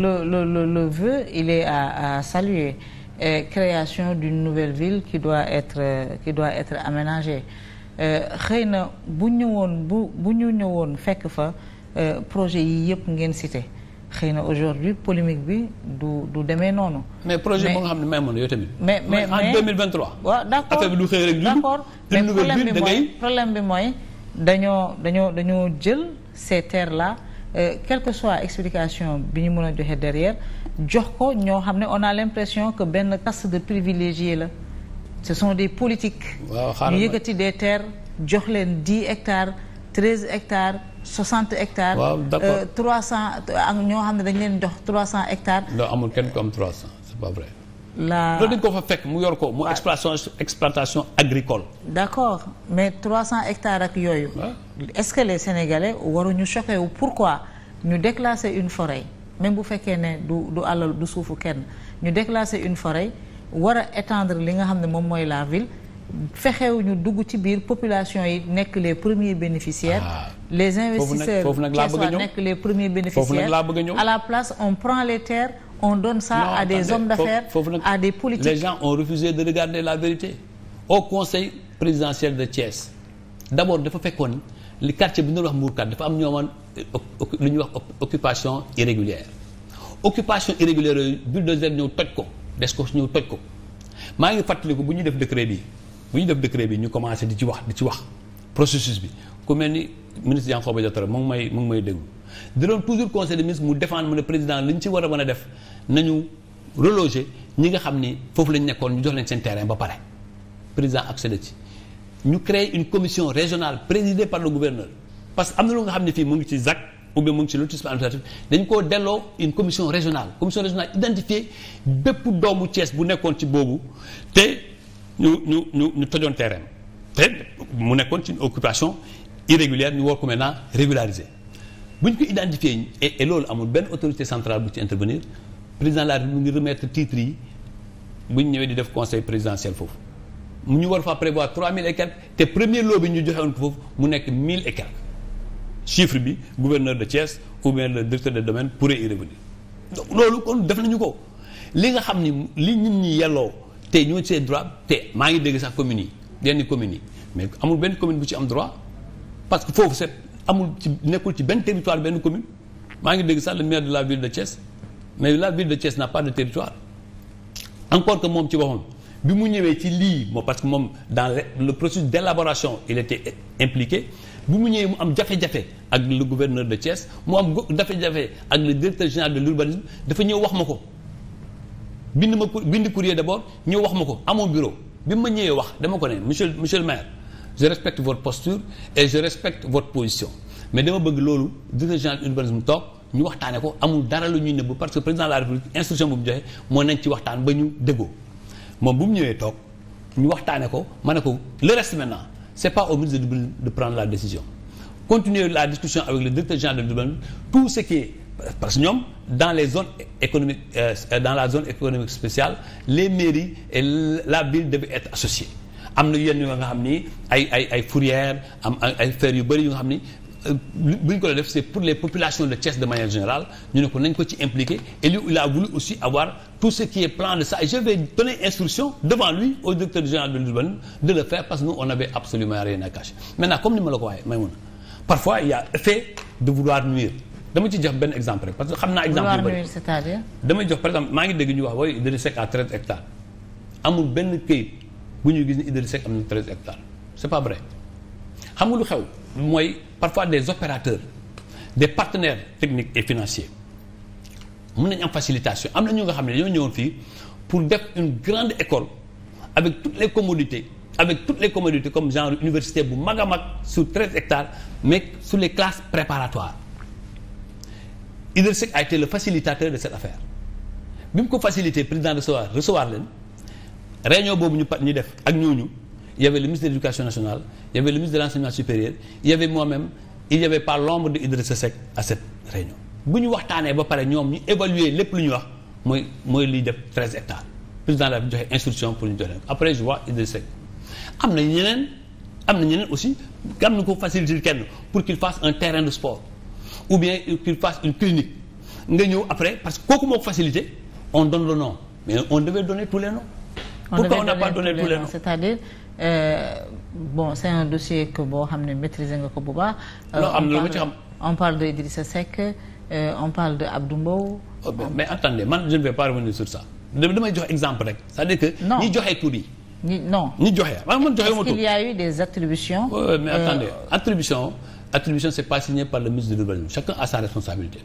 le le le le vœu il est à à saluer et création d'une nouvelle ville qui doit être euh, qui doit être aménagée euh, xëy na bu ñëwoon bu bu ñu ñëwoon fekk fa euh, projet yi yëpp ngeen cité xëy na aujourd'hui polémique bi du du demee noonu. mais projet boo nga xam ne may moon yow tamit. mais mais en 2023. waaw d'accord affaire bi du xëy rek du d'accord mais problème bi mooy bi mooy dañoo dañoo dañoo jël ces terres là. Euh, quelle que soit explication bi ñu mën a joxe derrière jox ko ñoo xam ne on a l'impression que benn caste de privilégiés la ce sont des politiques ñu yëkkati des terres jox leen dix hectares treize hectares soixante hectares euh, trois cent ak ñoo xam ne dañ leen jox trois cent hectares non amul kenn ku am trois cent c'est la loolu ko fa fekk mu yor ko mu ah. exploitation exploitation agricole d'accord mais hectares ak yooyu ah. est-ce que les Sénégalais waruñu choqué pourquoi ñu déclasser une forêt même bu fekkee ne du du alal du suufu kenn ñu déclasser une forêt war a étendre li nga xam ne moom mooy la ville fexew ñu dugg ci biir population yi nekk les premiers bénéficiaires ah. les investisseurs keeswaa nekk les premier bénéficiaires à la place on prend les terres on donne ça non, à des hommes d'affaires à des politiques les gens ont refusé de regarder la vérité au conseil présidentiel de Thiès d'abord dafa fekkoon li quartier bi ñu wax Mbourkat dafa am ñoomoon lu ñuy wax occupation irrégulière occupation irrégulière de bulldozer ñëw toj ko des ko ñëw toj ko maa ngi fàttaliku bu ñuy def décret bi bu ñu def décret bi ñu commencé di ci wax di ci wax processus bi ku mel ni ministre Yankhoba Diattara mu ngi may mu ngi may déglu di doon toujours conseil des ministres ne président li ñu ci war a man a def ñu reloger ñi nga xam ni foofu lañ nekkoon ñu jox leen seen terrain ba pare président accédé ci ñu crée une commission régionale présidée par le gouverneur parce que am na lu nga xam ne fii mu ngi ci ZAC ou bien mu ngi ci lotissement administratif dañ koo delloo une commission régionale commission régionale identifiée bépp doomu Thiès bu nekkoon ci boobu te ñu ñu ñu ñu tojoon terrain te mu nekkoon ci une occupation irrégulière ñu war ko maintenant régulariser bu ñu ko identifier et loolu amul benn autorité centrale bu ci intervenir président de la République mu ngi remettre titre yi bu ñu ñëwee di def conseil présidentiel foofu mu ñu war faa prévoir trois mille et te premier lot bi ñu joxe woon foofu mu nekk mille et quelques chiffre bi gouverneur de Thiès ou bien le directeur des domaines pourrait y revenir loolu kon def nañu ko li nga xam ni li ñu ñu yelloo te ñoo ci droit te maa ngi dégg sax communes yi yenn communes yi mais amul benn commune bu ci am droit parce que foofu set amul ci nekkul ci benn territoire benn commune maa ngi dégg sax le maire de la ville de Thiès mais la ville de Thiès n'a pas de territoire encore que moom ci boppam bi mu ñëwee ci lii moo parce que moom dans le processus d'élaboration il était impliqué bi mu ñëwee mu am jafe-jafe ak le gouverneur de Thiès mu am jafe-jafe ak le directeur général de l'urbanisme dafa ñëw wax ma ko bind ma bind courrier d'abord ñëw wax ma ko amoo bureau bi ma ñëwee wax dama ko ne monsieur monsieur le maire je respecte votre posture et je respecte votre position mais dama bëgg loolu directeur général urbanisme ñu waxtaane ko amul dara lu ñuy nëbb parce que président de la république instruction moo nañ ci waxtaan ba ñu déggoo moom bu mu ñëwee toog ñu waxtaane ko ma ne ko le reste maintenant c' est pas au ministre de prendre la décision continuer la discussion avec le directeur général de Dubaï tout ce qui est parce que ñoom dans les zones économiques euh, dans la zone économique spéciale les mairies et la ville devaient être associées am na yenn yoo nga xam ni ay ay ay fourrière am ay fer yu bëri yu nga xam ni bu ñu ko def c'est pour les populations de Thiès de manière générale ñu ne ko nañ ko ci impliqué et lui il a voulu aussi avoir tout ce qui est plan de ça et je donner instruction devant lui au directeur général de l'urbanisme de le faire parce que nous on avait absolument rien à cacher maintenant comme ni ma la ko waxee may mun parfois il effet de vouloir nuire dama ci jox benn exemple rek parce que xam naa exemple yu bëri c'est-à-dire damay jox par exemple maa ngi dégg ñu wax wooy Idrissa Seck à xam nga lu xew mooy parfois des opérateurs des partenaires techniques et financiers mën nañ am facilitation am na ñu nga xam ne ñoo ñëwoon fii pour def une grande école avec toutes les commodités avec toutes les commodités comme genre université bu mag a mag sur treize hectares mais sur les classes préparatoires Idrissa Seck a été le facilitateur de cette affaire bi mu ko facilité président recevoir recevoir leen réunion boobu ñu par ñu def ak ñooñu il y avait le ministre de l'éducation nationale il y avait le ministre de l'enseignement supérieur il y avait moi-même il y pas l'ombre de Idrissa Seck à cette réunion bu ñu waxtaanee ba pare ñoom ñu évaluer lépp lu ñu wax mooy mooy liy def treize hectares président la joxe instruction pour ñu joxe après je vois Idrissa am na ñeneen am na ñeneen aussi am na ko faciliter kenn pour qu'il fasse un terrain de sport ou bien qu'il fasse une clinique nga ñëw après parce que kooku moo facilité on donne le nom mais on on pourquoi on n'a pas donné Euh, bon c'est un dossier que boo xam ne maîtriser nga ko bu baax. Euh, loo am lu ma ci xam on parle de Idrissa Seck euh, on parle de Abdou Mbow. Oh, mais attendez man je ne vais pas revenir sur ça damay joxe exemple rek c'est-à-dire que. non ñi joxe tur yi. ñi non ñi joxe man man joxe ma tur. est-ce qu'il y a eu des attributions. mais attendez attribution attribution c'est pas signé par le ministre de l'urbanisme chacun a sa responsabilité.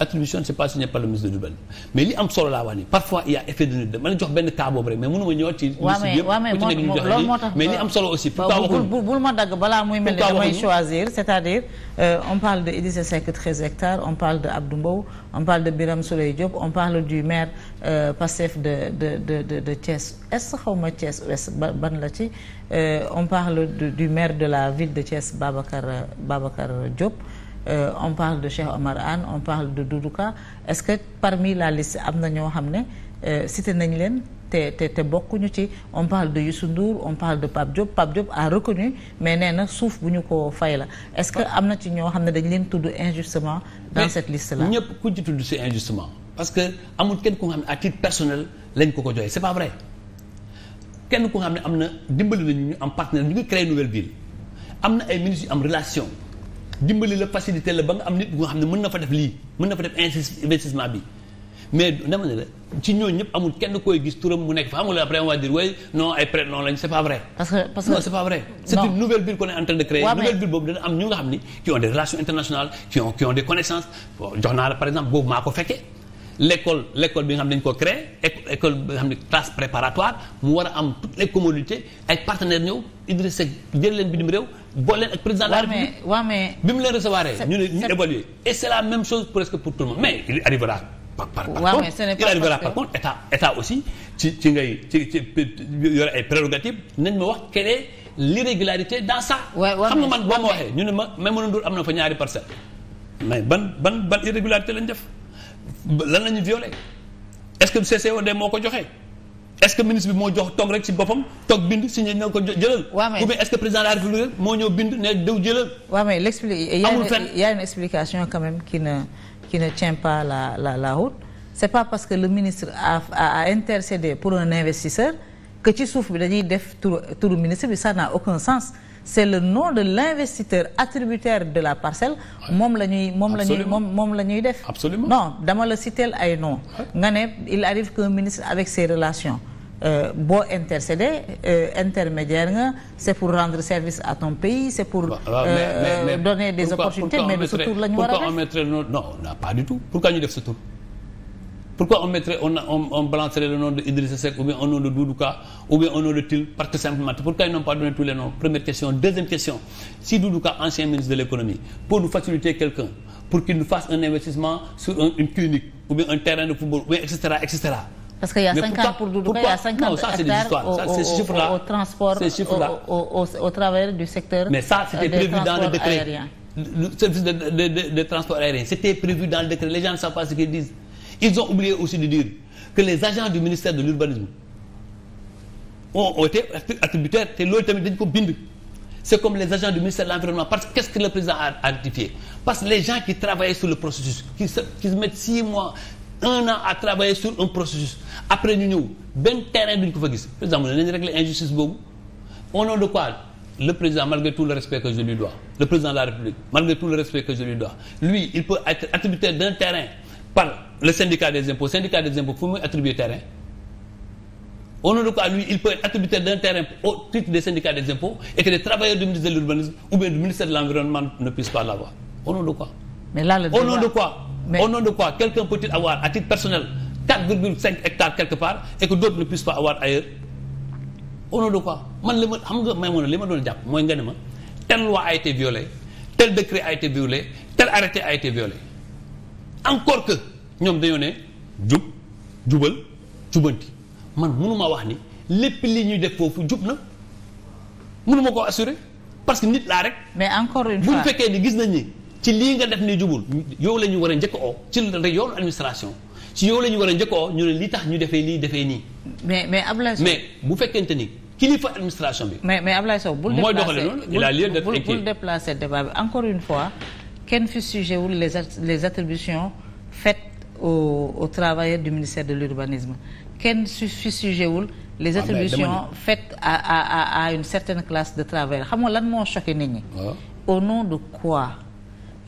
attribution c'est pas signé par le ministre de Diourbel mais li am solo laa wax ni parfois il y a effet de nid ma la jox benn cas boobu rek mais mënu ma ñëwaat ci liste yëpp ku ci nekk ñu joxe li mais li am solo aussi pourquoi waxul bul ma dagg balaa muy mel ni damay choisir c'est-à-dire euh, on parle de Idrissa Seck 13 hectares on parle de Abdou Mbow on parle de Birame Souleye Diop on parle du maire euh, Pastef de de de de de Thiès Est xaw ma Thiès Ouest ban la ci euh, on parle du maire de la ville de Thiès Babacar Babacar Diop euh, on parle de Cheikh Omar Anne on parle de Doudou Ka est-ce que parmi la liste am na ñoo xam ne euh, cité nañ leen te te te bokkuñu ci on parle de Youssou Ndour on parle de Pape Diop Pape Diop a reconnu mais nee na suuf bu ñu ko fay la est-ce que am na ci ñoo xam ne dañ leen tudd injustement dans cette liste là ñëpp ku ci tudd si injustement parce que amul kenn koo xam ne ak titre personnel lañ ko ko joxee c'est pas vrai kenn koo xam ne am na dimbali nañu ñu am partenaire ñu ngi créé nouvelle am na ay ministres am relation dimbali la facilité la ba nga am nit bu nga xam ne mën na fa def lii mën na fa def investissement bi mais dama ne la ci ñooñu ñëpp amul kenn koy gis turam mu nekk fa amul après on va dire oui non ay prêt non lañ c' pas vrai. parce pas vrai. non c' nouvelle bulle qu' on nouvelle bulle boobu dana am ñu nga xam ni qui ont des relations internationales qui ont des connaissances jox naa la par exemple boobu maa ko fekkee. lekkool lekkool bi nga xam dañ ko créé école bi nga xam ne classe préparatoire mu war a am toutes les commodités ay partenaires ñëw Idriss jël leen bi bitim réew boole leen ak président de la République bi mu leen recevoir ñu ne ñu évaluer et c'est la même chose presque pour tout le monde mais il arrivera par par contre il arrivera par contre état état aussi ci ci ngay ci ci yore ay prérogatives nañ ma wax quelle est l'irrégularité dans ça xam nga man boo ma waxee ñu ne ma même mën a ndur am na fa ñaari parcelle mais ban ban ban irrégularité lañ def lan la ñu violé est-ce que CCOD moo ko joxe est-ce que ministre bi moo jox toog rek ci boppam toog bind signé na ko jëlal. waaw mais ou bien est moo ñoo bind ne dëw jëlal. waa mais l'explique amul fenn y a une explication quand même na ne na ne tient pas la la la route. c'est pas parce que le ministre a a, intercédé pour un investisseur que ci suuf bi dañuy def tour tour ministre bi ça n'a aucun sens. c'est le nom de l'investisseur attributaire de la parcelle moom la ñuy moom la moom moom la ñuy def absolument non dama la citeel ay nom nga ne il arrive qu'un ministre avec ses relations euh, boo intercédé euh, intermédiaire nga c'est pour rendre service à ton pays c'est pour. Bah, bah, mais, euh, donner des opportunités mais de ce tour war a def pourquoi on tout ñu def ce Pourquoi on mettrait, on, on, le nom de Idrissa ou bien un nom de Doudouka ou bien un nom de Til parce que simplement pourquoi ils n'ont pas donné tous les noms? Première question. Deuxième question. Si Doudouka, ancien ministre de l'économie, pour nous faciliter quelqu'un, pour qu'il nous fasse un investissement sur un, une clinique ou bien un terrain de football ou bien etc etc. Parce qu'il y a 50 pour Doudouka, il y a 50 hectares au, au, au ils ont oublié aussi de dire que les agents du ministère de l'urbanisme ont été attributaires te loolu tamit dañ ko c'est comme les agents du ministère de l'environnement parce que qu'est-ce que le président a identifié parce que les gens qui travaillaient sur le processus qui se mettent six mois un an à travailler sur un processus après ñu ñëw benn terrain duñ ko fa gis président mu ne nañu régler injustice boobu au nom de quoi le président de la par le syndicat des impôts syndicat des impôts fu muy attribuer terrain au nom de quoi lui il peut être attributaire d'un terrain au titre des syndicats des impôts et que les travailleurs du ministère de l'urbanisme ou bien du ministère de l'environnement ne puissent pas l'avoir au nom de quoi. mais là le de de quoi quelqu'un de quoi man li ma xam nga may mën li ma doon jàpp mooy nga ne ma telle loi a été violée tel décret a été violé encore que ñoom dañoo ne jub jubal jubanti man mënuma wax ni lépp li ñu def foofu jub na mënuma koo assurer parce que nit laa rek. mais encore une fois bu fekkee ni gis nañ ni ci lii nga def ni jubul yow la ñu war a njëkk oo ci yoonu administration ci yow la ñu war a njëkk oo ñu ne li tax ñu defee nii defee nii. mais mais Ablaye mais bu fekkente ni. kilifa administration bi. mais mais Ablaye Sow bul déplacer mooy doxale a lieu d'être inquiet bul déplacer débat bi encore une fois. kenn fi sujet wul les les attributions faites aux aux travailleurs du ministère de l'urbanisme kenn fi sujet wul les attributions faites à à à une certaine classe de travailleurs xam nga lan moo choqué nit ñi. au nom de quoi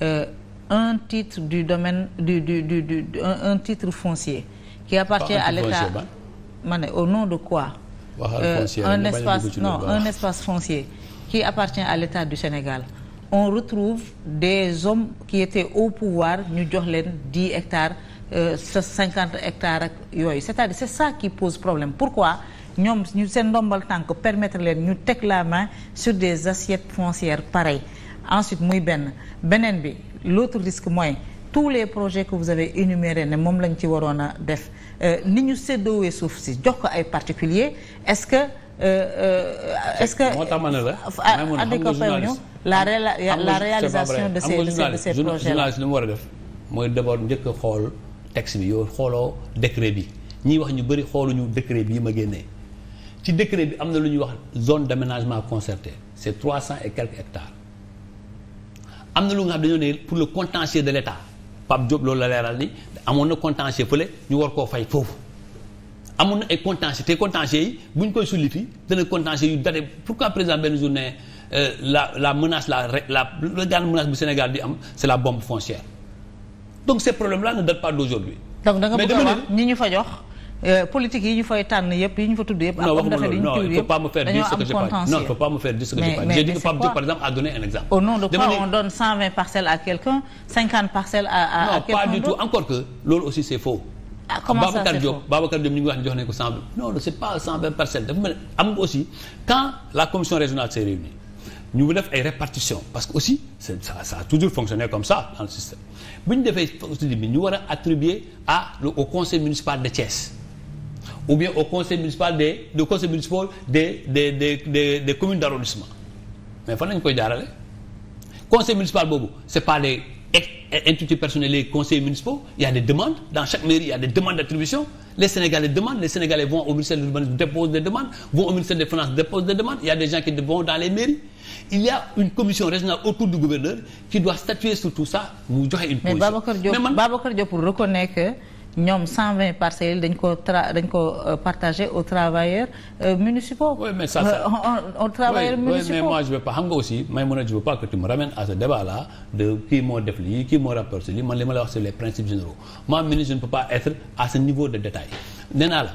euh, un titre du domaine du du du du un, un titre foncier. qui appartient à l'État ma ne au nom de quoi. Euh, un espace un espace foncier qui appartient à l'État du Sénégal. on retrouve des hommes qui étaient au pouvoir ñu jox leen dix hectares euh, sa cinquante hectares ak yooyu c'est-à-dire c'est ça qui pose problème pourquoi ñoom ñu seen ndombal tànk permettre leen ñu teg la main sur des assiettes foncières pareilles ensuite muy benn beneen bi l'autre risque mooy tous les projets que vous avez énumérés ne moom lañ ci waroon a def euh, ni ñu séddoowee suuf si jox ko ay particuliers est-ce que euh, est-ce que moo tax ma ne la la réalisation de ces de ces projets là journaliste li mu war a def mooy d'abord njëkk a xool texte bi yow xooloo décret bi ñiy wax ñu bëri xooluñu décret bi ma génnee ci décret bi am na lu ñuy wax zone d'aménagement concerté c'est trois cent et quelques am na lu nga xam dañoo ne pour le contentieux de l'État Pape Diop loolu la leeral ni amoon na contentieux fële ñu war koo fay foofu amoon na ay contentieux te contentieux yi bu koy sulli de dana contentieux yu date pourquoi président benn journée Euh, la la menace la la la grande menace bu Sénégal di am c'est la bombe foncière donc ces problèmes-là ne datent pas d'aujourd'hui donc da nga bëgg a ñu fa jox. Euh, politique yi ñu fay tànn yëpp yi ñu fa tudd yëpp. di am a donné un exemple. au nom de quoi on donne 120 parcelles à quelqu'un 50 parcelles à à quelqu'un non pas du tout encore que loolu aussi c'est faux. ah jox nañu ko 100 non non c'est pas 120 parcelles dafa la commission régionale s'est réunie ñu bu def ay répartition parce que aussi c'est ça a toujours fonctionné comme ça dans le système bu ñu defee subsides bi ñu war a attribuer à au conseil municipal de Thiès ou bien au conseil municipal des de conseil municipal de des des de des communes d'arrondissement mais fan lañ koy jaarale conseil municipal boobu c'est pas les instituts personnels les conseils municipaux il y a des demandes dans chaque mairie il y a des demandes d'attribution les Sénégalais demandent les Sénégalais vont au ministère des demandes vont au ministère des finances déposent des demandes il y a des gens qui vont dans les mairies il y a une commission régionale autour du gouverneur qui doit statuer sur ça mu joxe une position mais Babacar Diop pour reconnaître ñoom 120 parcelles dañ ko tra dañ ko euh, partagé aux travailleurs euh, municipaux. oui mais ça ça euh, aux travailleurs municipaux oui mais moi je veux pas xam nga aussi may mën a je veux pas que tu me ramènes à ce débat là de kii moo def lii kii moo rapporté lii man li ma la wax c'est les principes généraux moi ministre je ne peux pas être à ce niveau de détail nee naa la.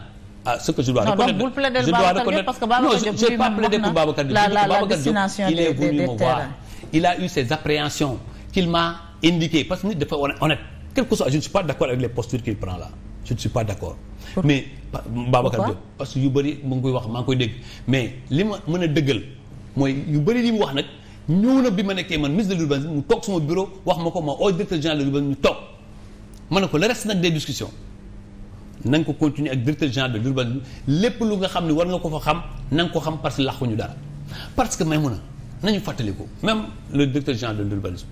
ah ce que je dois reconnaître non donc bul plaider Babacar Diop parce que Babacar Diop non je n'ai pas plaidé pour Babacar Diop la la la destination des des terrains il est venu me voir il a eu ses appréhensions qu'il m'a indiquées parce que nit dafa honnête. quel que soit je ne suis pas d'accord avec les postures qu'il parce que yu bëri mu ngi koy wax maa ngi koy dégg mais li ma mën a dëggal mooy yu bëri lii mu wax nag ñëw na bi ma nekkee man ministre de l'urbanisme mu toog sama bureau wax ma ko ma au directeur général de l'urbanisme ñu toog ma ne ko le reste nag des discussions na nga ko continuer ak directeur général de l'urbanisme lépp lu nga xam ne war nga ko fa xam na ko xam parce que làqu ñu daal parce que may mun a nañu fàttaliku même le directeur général de l'urbanisme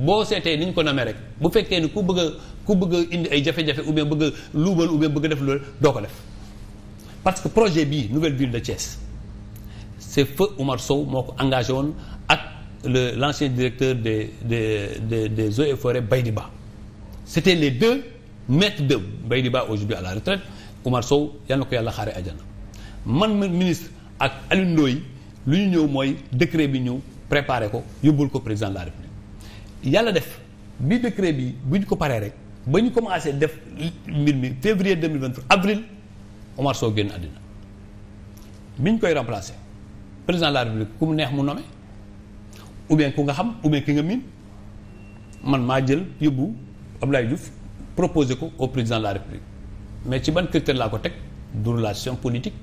boo seetee ni ñu ko namee rek bu fekkee ni ku bëgg ku bëgg indi ay jafe-jafe ou bien bëgg a luubal ou bien bëgg a def loolu doo ko def parce que projet bi nouvelle ville de Thiès c'est feu Omar Sow moo ko engagé woon ak le l'ancien directeur des de des des eaux et forêts Baydi Ba c'était les deux maîtres de Baydi Ba aujourd'hui à la retraite Omar Sow yal ko yàlla xaare àjjana man ma ministre ak Alioune lu ñu ñëw mooy décret bi ñu préparé ko yóbbul ko président de yàlla def bi décret bi bu ñu ko paree rek ba ñu commencé def mbir mi février 2023 avril Omar Sow génn àddina bi ñu koy remplacer président la république ku mu neex mu nommé ou bien ku nga xam ou bien ki nga miin man maa jël yóbbu Abdoulaye Diouf proposé ko au président la république mais ci ban critère laa ko teg du relation politique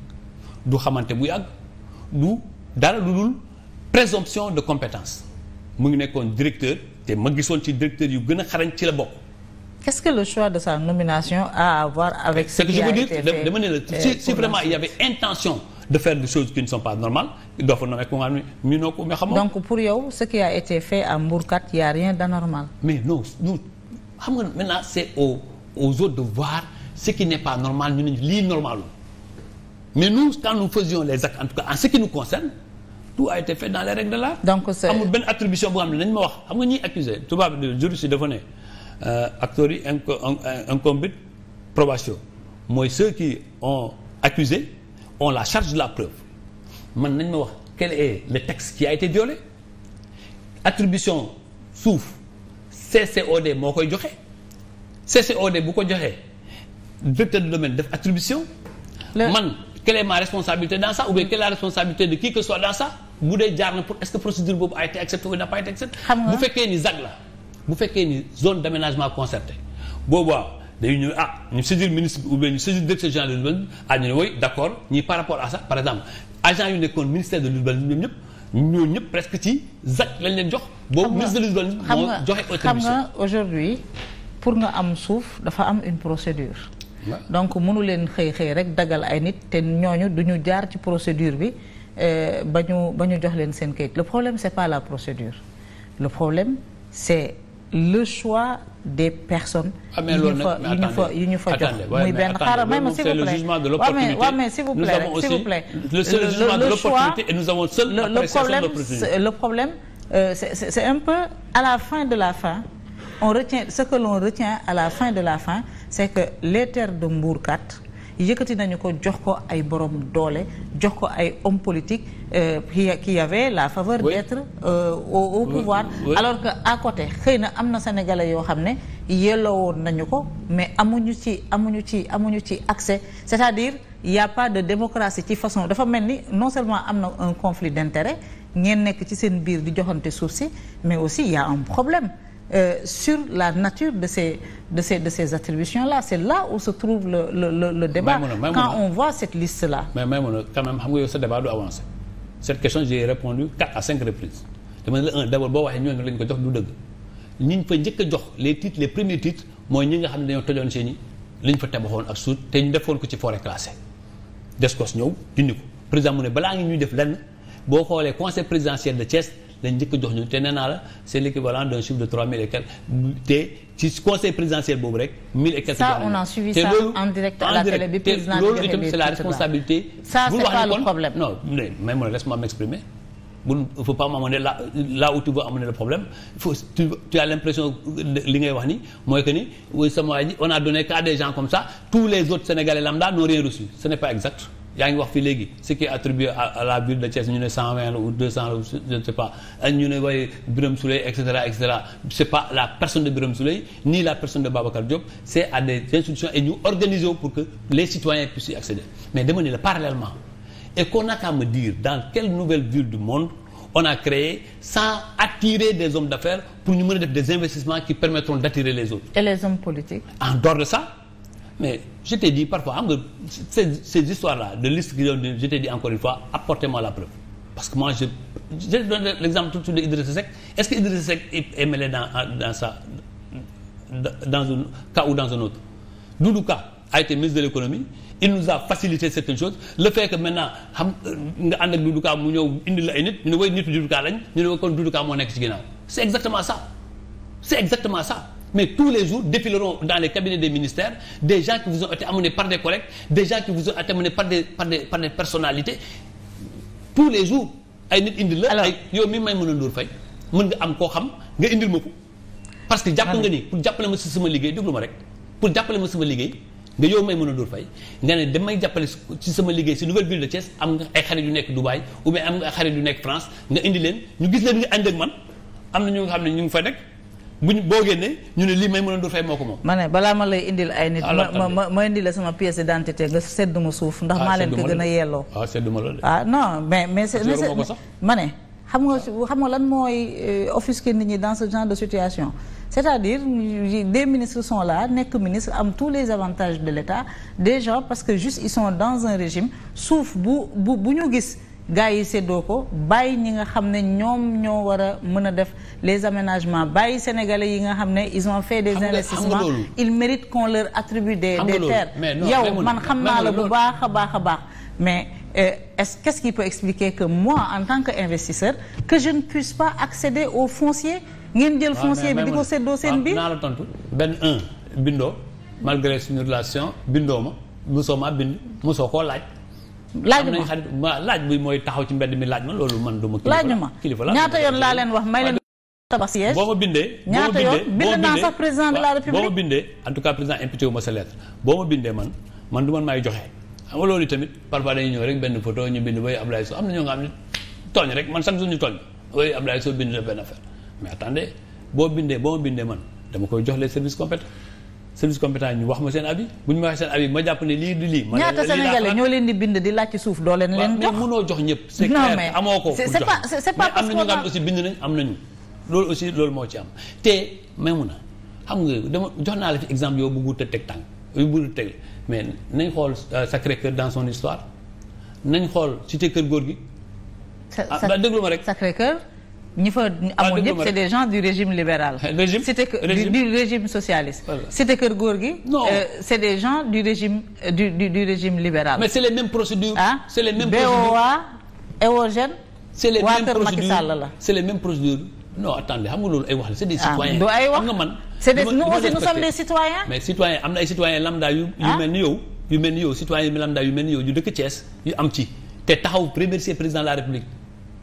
du xamante buy yàgg du dara lu dul présomption de compétence mu ngi nekkoon directeur te ma gisoon ci directeur yu gën a xarañ ci la bokk. est-ce que le choix de sa nomination a à avec. ce qui a été fait y avait de faire des choses qui ne sont pas normales doo fa nommer ku nga xam ne mii mais xam donc pour yow ce qui a été fait a rien d'anormal. mais non non xam c'est aux aux de voir ce qui n'est pas normal ñu ne lii normalul mais nous quand nous faisions les actes en tout cas en ce qui nous concerne. tout a été fait dans les règles de l'art. donc c'est amul benn attribution boo xam ne nañ ma wax xam nga ñuy accusé tubaab de juriste yi dafa ne euh, acteurs yi incombit probation mooy ceux qui ont accusé ont la charge de la preuve man nañ ma wax quel est le texte qui a été violé attribution suuf CCOD moo koy joxe CCOD bu ko joxe directeur de domaine def attribution. man quelle est ma responsabilité dans ça ou bien quelle est la responsabilité de qui que soit dans ça. bu dee jaar na pour est-ce que procédure boobu a été acceptée ou n'a bu fekkee ni ZAC la bu fekkee ni zone d'aménagement concerté boobaa dañu ñëw ah ñu saisir ministre bi ou bien ñu saisir directeur général de l'urbanisme ah ñu ne oui d'accord ñii par rapport à ça par exemple agent yu nekkoon ministère de l'urbanisme ñoom ñëpp ñooñu ñëpp presque ci ZAC lañ leen jox boobu ministre de l'urbanisme moo joxe xam nga aujourd'hui pour nga am suuf dafa am une procédure donc mënu leen xëy xëy rek dagal ay nit te ñooñu duñu jaar ci procédure bi Euh, ba ñu ba jox leen seen kayit le problème c'est pas la procédure le problème c'est le choix des personnes ah, yu ñu fa yu ñu fa yu ñu fa jox muy benn xaaral may ma s'il vous plaît waaw mais waaw mais s'il vous plaît rek s'il vous plaît le choix le problème euh, c'est un peu à la fin de la fin on retient ce que l'on retient à la fin de la fin c'est que les terres de Mbour 4 yëkkati nañu ko jox ko ay borom doole jox ko ay homme politique euh, qui qui la faveur d'être euh, au au pouvoir alors que à côté xëy na am na sénégalais yoo xam ne yelloowoon nañu ko mais amuñu ci amuñu ci amuñu ci accès c'est-à-dire y pas de démocratie ci façon dafa mel ni non seulement am na un conflit d'intérêt ngeen nekk ci seen biir di joxante suuf si mais aussi y a problème euh, sur la nature de ces de ces de ces attributions là c'est là où se trouve le le le, le débat. Maïmouna, quand Maïmouna, on voit cette liste là. mais Maïmouna quand même xam nga yow sa débat du avancé cette question j'ai répondu quatre à cinq reprises dama ne la un d'abord boo waxee ñooñu lañ ko jox du dëgg ñi ñu fa njëkk a jox les titres les premiers titres mooy ñi nga xam ne dañoo tojoon seen i li ñu fa tabaxoon ak suuf te ñu defoon ko ci forêt classée DESCOS ñëw dindi ko président mu ne balaa ngi ñuy def lenn boo xoolee conseil présidentiel de Thiès. lañ njëkk jox ñu te nee naa la c' est l' équivalent d' un chiffre de 3000 et quelques te conseil présidentiel boobu rek. 1000 et quelques ça on a suivi ça en direct à la télé bi président loolu itam la responsabilité. ça c' est pas le problème non mais man laisse-moi m'exprimer bu il faut pas m'amener là là où tu veux amener le problème il faut tu tu as li ngay wax ni mooy que ni sama waa ji on a donné qu'à des gens comme ça tous les autres Sénégalais lambda n'ont rien yaa ngi wax fi léegi ce qui est attribué à la ville de Thiès ñu ne 120 la ou 200 la ou je ne sais pas ñu ne waaye Birame Souleye et cetera et pas la personne de Birame Souleye ni la personne de Babacar Diop c' est à des institutions et ñu organiser pour que les citoyens puissent y accéder mais dama la parallèlement et qu'on a qu'à me dire dans quelle nouvelle ville du monde on a créé sans attirer des hommes d'affaires pour ñu mën a def des investissements qui permettront d'attirer les autres. et les hommes mais je t'ai dit parfois xam nga ces ces histoires là de liste qui je t'ai dit encore une fois apportez la preuve parce que moi je je te donne l'exemple tout de suite de Idrissa Seck est est mêlé dans dans sa dans un cas ou dans un autre Doudou Ka a été ministre de l'économie il nous a facilité certaines choses le fait que maintenant xam nga ànd ak Doudou Ka mu ñëw indi la ay nit ñu ne way nitu Doudou Ka lañ ñu ne kon Doudou Ka moo nekk ci ginnaaw c'est exactement ça c'est exactement ça mais tous les jours défileront dans les cabinets des ministères des gens qui vous ont été amenés par des collègues des gens qui vous ont été amenés par des par des par des personnalités tous les jours ay nit indi la. ay yow mi may mën a nduur fay mën nga am koo xam nga indil ma ko. parce que jàpp nga ni jàppale ma si sama liggéey déglu ma rek pour jàppale ma sama liggéey nga yow may mën a dóor fay nga ne damay jàppale si sama liggéey si nouvelle ville de Thiès am nga ay xarit yu nekk Dubaï ou bien am nga ay yu nekk France nga indi leen ñu gis leen nga ànd ak man am na ñu nga xam ne ñu ngi fa nekk buñ boo génnee ñu ne lii may mën a ndur fay moo ko moom. ma balaa ma lay indil ay nit. ma ma ma indil la sama pièce d'identité nga sedd ma suuf. ndax maa leen ko ah, gën a yelloo. ah sedd ma la de. ah non mais mais. c'est ma ne. xam nga xam nga lan mooy euh, offusquer nit ñi dans ce genre de situation c'est-à-dire des ministres son la nekk ministre am tous les avantages de leta déjà parce que juste ils dans un régime suuf bu bu bu ñu gis. gars yi seddoo ko bàyyi ñi nga xam ne ñoom ñoo war a mën a def les aménagements bàyyi sénégalais yi nga xam ne ils ont fait des investissements ils méritent qu'on leur attribue des des terres yow man xam naa la bu baax a baax a baax mais euh, est-ce qu'est-ce qui peut expliquer que moi en tant qu'investisseur que je ne puisse pas accéder au foncier ngeen jël foncier bi di ko séddoo seen ah, biir la tontu benn un bindoo malgré suñu relation bindoo ma mosoo maa bind mosoo koo laaj laaj ma laaj bi mooy taxaw ci mbedd mi laaj ma loolu man du ma. laaj ma kilifa la ñaata yoon laa leen wax may leen. tabax boo ma bindee. ñaata bind naa sax président de la ma bindee en tout cas président imputé wu ma sa lettre boo ma bindee man man du man maay joxe xam nga loolu tamit parfois dañuy ñëw rek benn photo ñu bind bay Abdoulaye Sow am na ñoo nga xam ne tooñ rek man chaque jour ñu tooñ bay Abdoulaye soo bind na benn affaire mais attendez boo bindee boo ma bindee man dama koy jox les services compétents service compétent ñu wax ma seen avis bu ñu ma waxee seen avis ma jàpp ne lii du lii. ma ñaata sénégalais ñoo leen di bind di laaj suuf doo leen leen jox ñëpp. c'est clair amoo ko pour jox mais na loolu aussi loolu moo ci am te même na dama jox naa la fi exemple yow bëggu teg tànk yow bëggu teg mais nañ xool euh, Sacré-Cœur dans son histoire nañ xool cité kër góor gi. sa ah, déglu ma rek Sacré-Cœur. ñi fa amoon ñëpp c'est des gens du régime libéral. régime régime du régime socialiste. voilà c'était Kër Góor gi. non euh, c'est des gens du régime euh, du du régime libéral. mais c'est les mêmes procédures. Ah? c'est les mêmes procédures BOA Ewogène. c'est les mêmes procédures la. c'est les mêmes procédures ay wax la c'est ah, ay wax nga man. c'est des nous aussi mais citoyens am na ay citoyens lambda yu. yu ah? mel ni yow yu mel ni yow citoyens lambda yu mel ni yow yu dëkk Thiès yu am ci. te taxaw remercier président la République.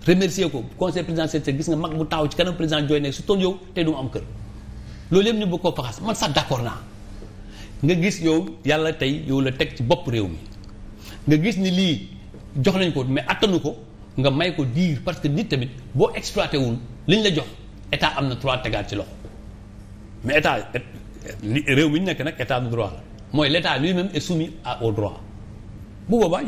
remercier ko conseil présidentiel gis nga mag bu taaw ci kanam président jooy nekk su toon yow tey du mu am kër loolu yëpp ñu bëgg koo faxas man sax d'accord naa nga gis yow yàlla tey yow la teg ci bopp réew mi nga gis ni lii jox nañ ko mais attanu ko nga may ko diir parce que nit tamit boo exploité li liñ la jox état am na droit tegaat ci loxo mais état réew mi ñu nekk nag état de droit la mooy l'état lui-même est soumis à au droit bu boobaa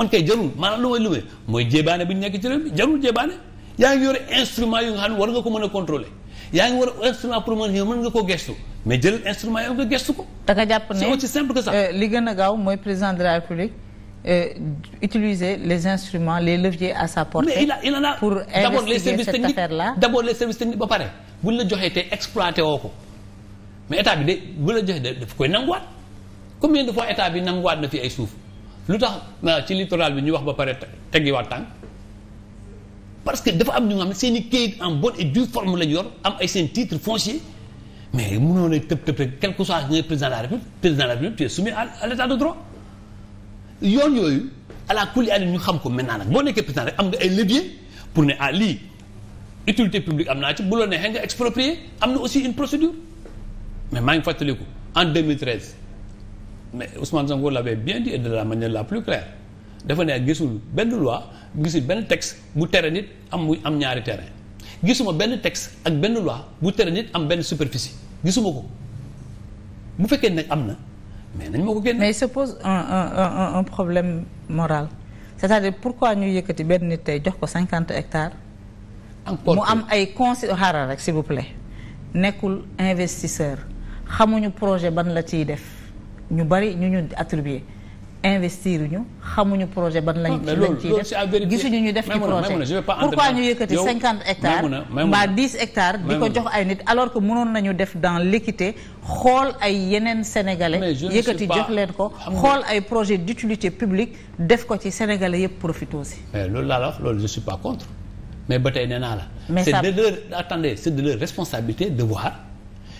man kay jarul maanaam lu may lu may mooy jébaane bi ñu ci réew mi yaa ngi yore instrument yu nga xam ne war nga ko mën a contrôler yaa ngi war a instrument pour mën nga ko gestu mais jël instrument yow nga gestu ko. da jàpp ne c'est aussi simple que euh, mooy président de la République. Euh, utiliser les à a il en a pour investiguer cette affaire-là ba pare buñ la joxee te exploité woo ko mais état bi de bu la joxee daf koy nanguwaat combien de fois état bi nanguwaat na fi ay suuf lu tax ci littoral bi ñu wax ba pare teggiwaat tànk parce que dafa am ñu nga xam ne seen i këyit en bonne et due forme la ñu yor am ay seen titre foncier mais mënoo ne tëb tëb rek quel que soit ngay président de la président de à l' de droit yoon yooyu ala kulli àll ñu xam ko maintenant nag boo nekkee rek am nga ay levier pour ne ah lii utilité publique am naa ci bu ne neexee nga exproprié am na aussi une procédure mais maa ngi fàttaliku en 2013. mais Ousmane Sonko l'avait bien dit et de la manière la plus claire dafa ne gisul benn loi gisul benn texte bu tere nit am muy am ñaari terrain gisuma benn texte ak benn loi bu tere nit am benn superficie gisuma ko bu fekkee nag am na mais nañ ma ko génne. mais il se pose un un un problème moral c'est-à-dire pourquoi ñu yëkkati benn nit tey jox ko cinquante hectares. encore mu am ay consi xaaral rek s'il vous plaît nekkul investiseur xamuñu projet ban la ciy def. ñu bari ñu ñu attribué investir ñu xamuñu projet ban lañ. lañ ciy def gisuñu ñu def ci projet. pourquoi ñu yëkkati cinquante hectares. mbaa dix hectares. di ko jox ay nit alors que mënoon nañu def dans l'équité xool ay yeneen sénégalais. yëkkati jox leen ko xool ay projet d'utilité publique def ko ci sénégalais yëpp profité si mais loolu laa la wax loolu je suis pas contre mais ba tey nee naa la. mais c'est de leur attendez c'est de leur responsabilité de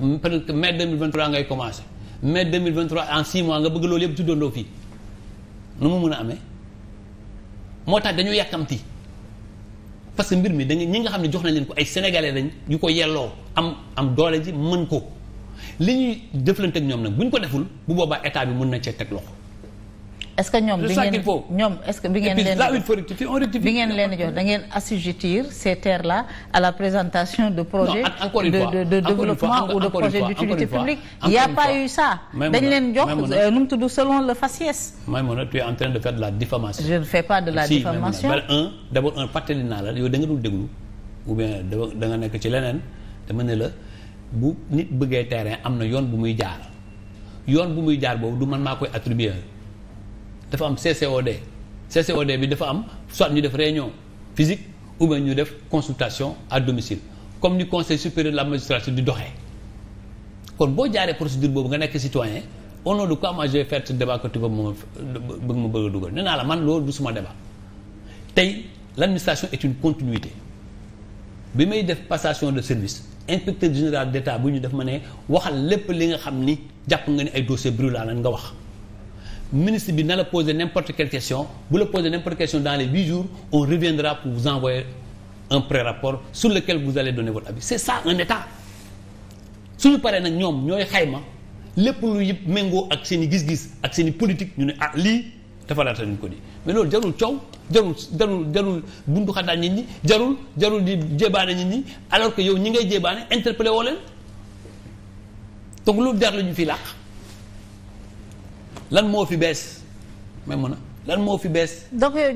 peut-être que mai 2023 ngay commencé mai 2023 en 6 mois nga bëgg loolu yëpp tuddoondoo fii nu mu mën a amee moo tax dañoo yàkkamti parce que mbir mi da ñi nga xam ne jox nañ leen ko ay sénégalais lañ yu ko yelloo am am doole ji mën ko li ñuy jëflante ak ñoom nag bu ñu ko deful bu boobaa état bi mun na cee teg loxo. est-ce que ñoom bi ngeen ñoom est-ce que bi ngeen leen bi ngeen leen jox da ngeen assujettir ces terres là à la présentation de projets de de développement ou de projets d'utilité publique il pas eu ça dañ leen jox euh, nu mu tudd selon le faciès Maïmona tu es en train de faire de la diffamation je ne fais pas de la diffamation un d'abord un partenariat naa la yow da nga dul déglu ou bien da nga nekk ci leneen dama ne la bu nit bëggee terrain am na yoon bu muy jaar yoon bu muy jaar boobu du man maa koy attribuer dafa am CCOD CCOD bi dafa am soit ñu def réunion physique ou bien ñu def consultation à domicile comme ni conseil supérieur de la magistrature di doxee kon boo jaaree procédure boobu nga nekk citoyen au nom de quoi moi je vais faire ce débat que tu bëgg ma bëgg a dugal nee naa la man loolu du suma débat tey l' administration est une continuité bi may def passation de service inspecteur général d' état bu ñu def ma ne waxal lépp li nga xam ni jàpp nga ni ay dossier brûlant lañ nga wax ministre bi na la poser n'importe quelle question bu la poser n'importe quelle question dans les huit jours on reviendra pour vous envoyer un pré-rapport sur lequel vous allez donner votre avis c'est ça un état suñu paree nag ñoom ñooy xayma lépp lu yëpp méngoo ak seen gis-gis ak seen i politique ñu ne ah lii dafa laata ñu ko di mais loolu jarul cow jarul jarul jarul buntu nit ñi jarul jarul di jébaane nit ñi alors que yow ñi ngay jébaane interpellé woo leen donc loolu jar la ñu fi làq lan moo fi bees may mun lan moo fi bees. donc euh,